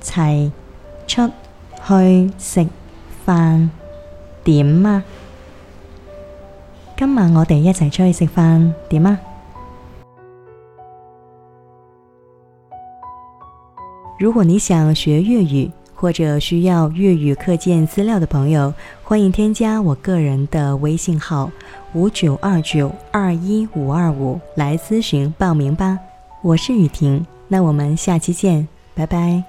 齊出去食飯點啊？今晚我哋一齊出去食飯點啊？如果你想學粵語或者需要粵語課件資料的朋友，歡迎添加我個人的微信號五九二九二一五二五來諮詢報名吧。我是宇婷，那我們下期見，拜拜。